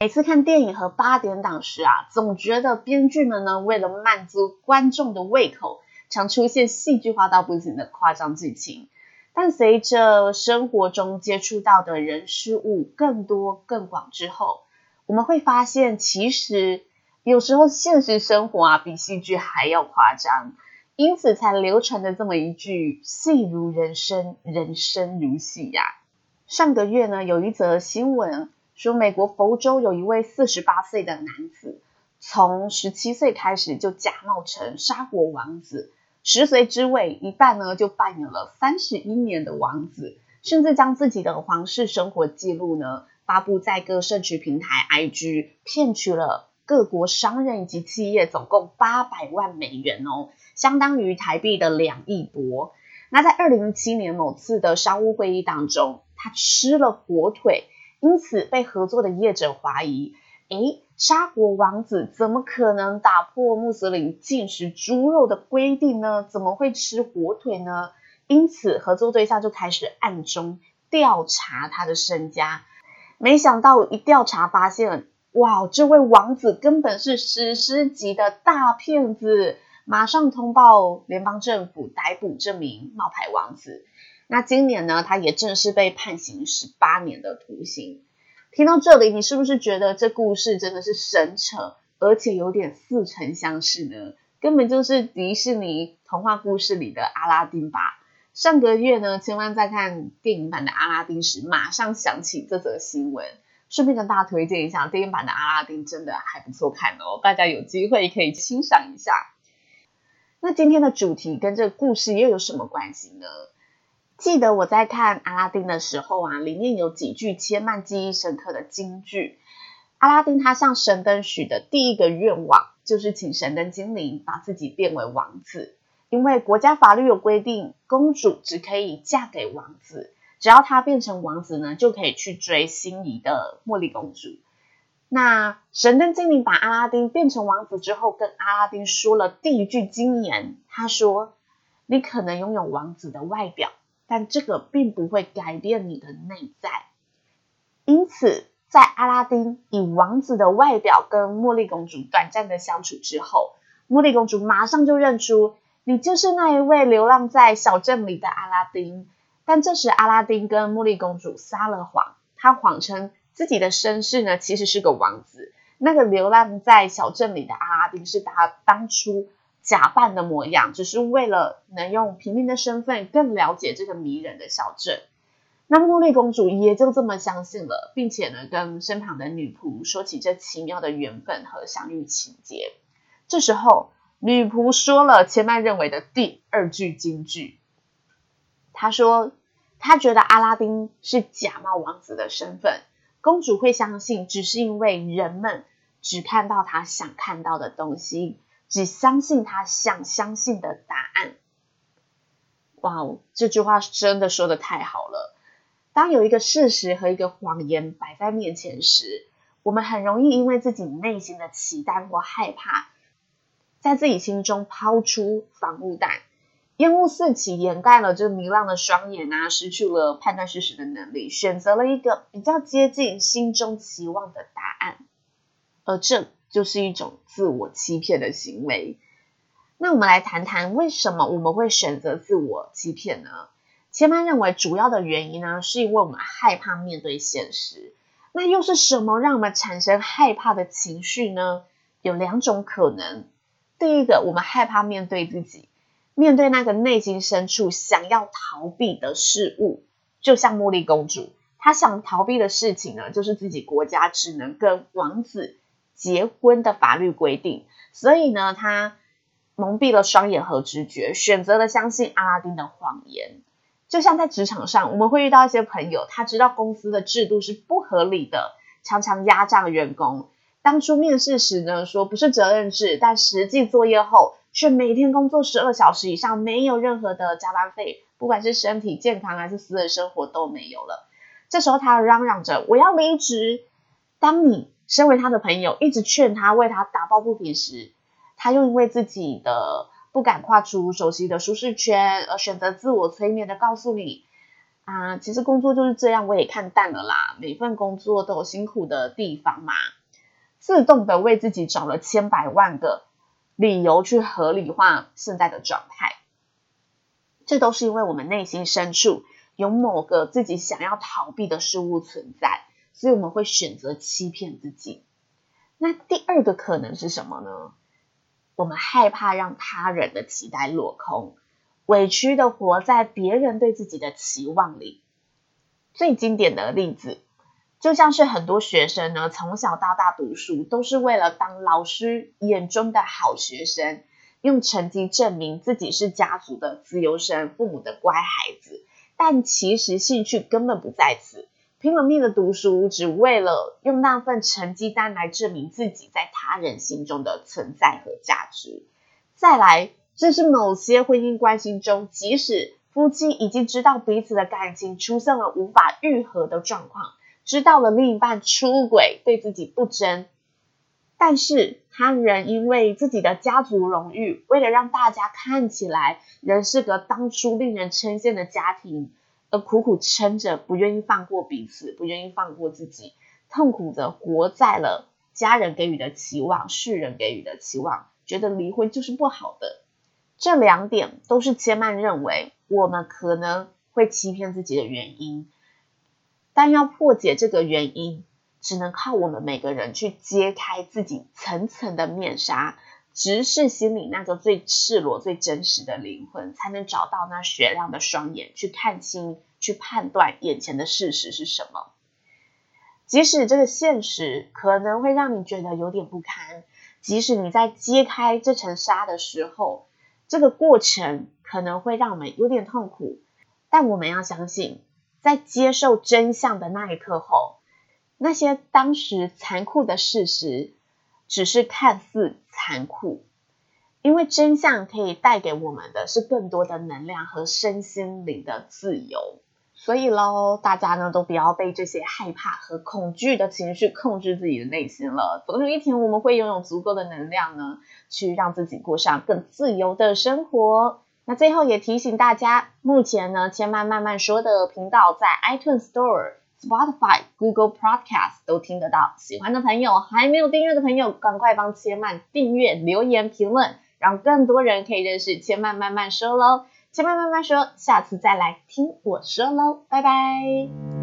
每次看電影和八點檔時啊，總覺得編劇們呢，為了滿足觀眾的胃口，常出現戲劇化到不行的誇張劇情。但隨着生活中接觸到的人事物更多更廣之後，我們會發現，其實有時候現實生活啊，比戲劇還要誇張，因此才流傳着這麼一句“戲如人生，人生如戲”呀。上個月呢，有一則新聞。說美國佛州有一位四十八歲的男子，從十七歲開始就假冒成沙國王子，十歲之位一半呢就扮演了三十一年的王子，甚至將自己的皇室生活記錄呢發布在各社群平台 IG，騙取了各國商人以及企業總共八百萬美元哦，相當於台幣的兩億多。那在二零一七年某次的商務會議當中，他吃了火腿。因此被合作的業者懷疑，誒，沙國王子怎麼可能打破穆斯林禁食豬肉的規定呢？怎麼會吃火腿呢？因此合作對象就開始暗中調查他的身家，沒想到一調查發現，哇，這位王子根本是史詩級的大騙子，馬上通報聯邦政府逮捕這名冒牌王子。那今年呢，他也正式被判刑十八年的徒刑。聽到這裡，你是不是覺得這故事真的是神扯，而且有點似曾相識呢？根本就是迪士尼童話故事裡的阿拉丁吧？上個月呢，千萬在看電影版的阿拉丁時，馬上想起這則新聞。順便跟大家推薦一下電影版的阿拉丁，真的還不錯看哦，大家有機會可以欣賞一下。那今天的主題跟這個故事又有什麼關係呢？記得我在看阿拉丁的時候啊，裡面有幾句千萬記憶深刻的金句。阿拉丁他向神燈許的第一個願望，就是請神燈精靈把自己變為王子，因為國家法律有規定，公主只可以嫁給王子。只要他變成王子呢，就可以去追心儀的茉莉公主。那神燈精靈把阿拉丁變成王子之後，跟阿拉丁說了第一句金言，他說：“你可能擁有王子的外表。”但這個並不會改變你的內在，因此，在阿拉丁以王子的外表跟茉莉公主短暫的相處之後，茉莉公主馬上就認出你就是那一位流浪在小鎮裡的阿拉丁。但這時，阿拉丁跟茉莉公主撒了謊，他謊稱自己的身世呢，其實是個王子。那個流浪在小鎮裡的阿拉丁是他當初。假扮的模樣，只是為了能用平民的身份更了解這個迷人的小鎮。那茉莉公主也就這麼相信了，並且呢，跟身旁的女僕說起這奇妙的緣分和相遇情節。這時候，女僕說了前麥認為的第二句金句，她說：“她覺得阿拉丁是假冒王子的身份，公主會相信，只是因為人們只看到他想看到的東西。”只相信他想相信的答案。哇哦，這句話真的說的太好了。當有一個事實和一個謊言擺在面前時，我們很容易因為自己內心的期待或害怕，在自己心中拋出防霧彈，煙霧四起，掩蓋了這明亮的雙眼啊，失去了判斷事實的能力，選擇了一個比較接近心中期望的答案，而這。就是一種自我欺騙的行為。那我們來談談為什麼我們會選擇自我欺騙呢？前曼認為，主要的原因呢，是因為我們害怕面對現實。那又是什麼讓我們產生害怕的情緒呢？有兩種可能。第一個，我們害怕面對自己，面對那個內心深處想要逃避的事物。就像茉莉公主，她想逃避的事情呢，就是自己國家只能跟王子。結婚的法律規定，所以呢，他蒙蔽了雙眼和直覺，選擇了相信阿拉丁的謊言。就像在職場上，我們會遇到一些朋友，他知道公司的制度是不合理的，常常壓榨員工。當初面試時呢，說不是責任制，但實際作業後，卻每天工作十二小時以上，沒有任何的加班費，不管是身體健康還是私人生活都沒有了。這時候他嚷嚷着：“我要離職。”當你……身為他的朋友，一直勸他為他打抱不平時，他又因為自己的不敢跨出熟悉的舒適圈，而選擇自我催眠的告訴你，啊、呃，其實工作就是這樣，我也看淡了啦，每份工作都有辛苦的地方嘛，自動的為自己找了千百萬個理由去合理化現在的狀態，這都是因為我們內心深處有某個自己想要逃避的事物存在。所以我們會選擇欺騙自己。那第二個可能是什麼呢？我們害怕讓他人的期待落空，委屈的活在別人對自己的期望裡。最經典的例子，就像是很多學生呢，從小到大讀書都是為了當老師眼中的好學生，用成績證明自己是家族的資優生、父母的乖孩子，但其實興趣根本不在此。拼了命的讀書，只為了用那份成績單來證明自己在他人心中的存在和價值。再來，這是某些婚姻關係中，即使夫妻已經知道彼此的感情出現了無法癒合的狀況，知道了另一半出軌，對自己不貞，但是他仍因為自己的家族榮譽，為了讓大家看起來仍是個當初令人稱羨的家庭。而苦苦撐着，不願意放過彼此，不願意放過自己，痛苦地活在了家人給予的期望、世人給予的期望，覺得離婚就是不好的。這兩點都是千曼認為我們可能會欺騙自己的原因。但要破解這個原因，只能靠我們每個人去揭開自己層層的面紗。直視心裡那個最赤裸、最真實的靈魂，才能找到那雪亮的雙眼，去看清、去判斷眼前的事實是什麼。即使這個現實可能會讓你覺得有點不堪，即使你在揭開這層紗的時候，這個過程可能會讓我們有點痛苦，但我們要相信，在接受真相的那一刻後，那些當時殘酷的事實。只是看似殘酷，因為真相可以帶給我們的是更多的能量和身心靈的自由。所以嘍，大家呢都不要被這些害怕和恐懼的情緒控制自己的內心了。總有一天，我們會擁有足夠的能量呢，去讓自己過上更自由的生活。那最後也提醒大家，目前呢千媽慢慢說的頻道在 iTunes Store。Spotify、Google Podcast 都聽得到，喜歡的朋友還沒有訂閱的朋友，趕快幫千曼訂閱、留言、評論，讓更多人可以認識千曼慢慢說嘍。千曼慢慢說，下次再來聽我說嘍，拜拜。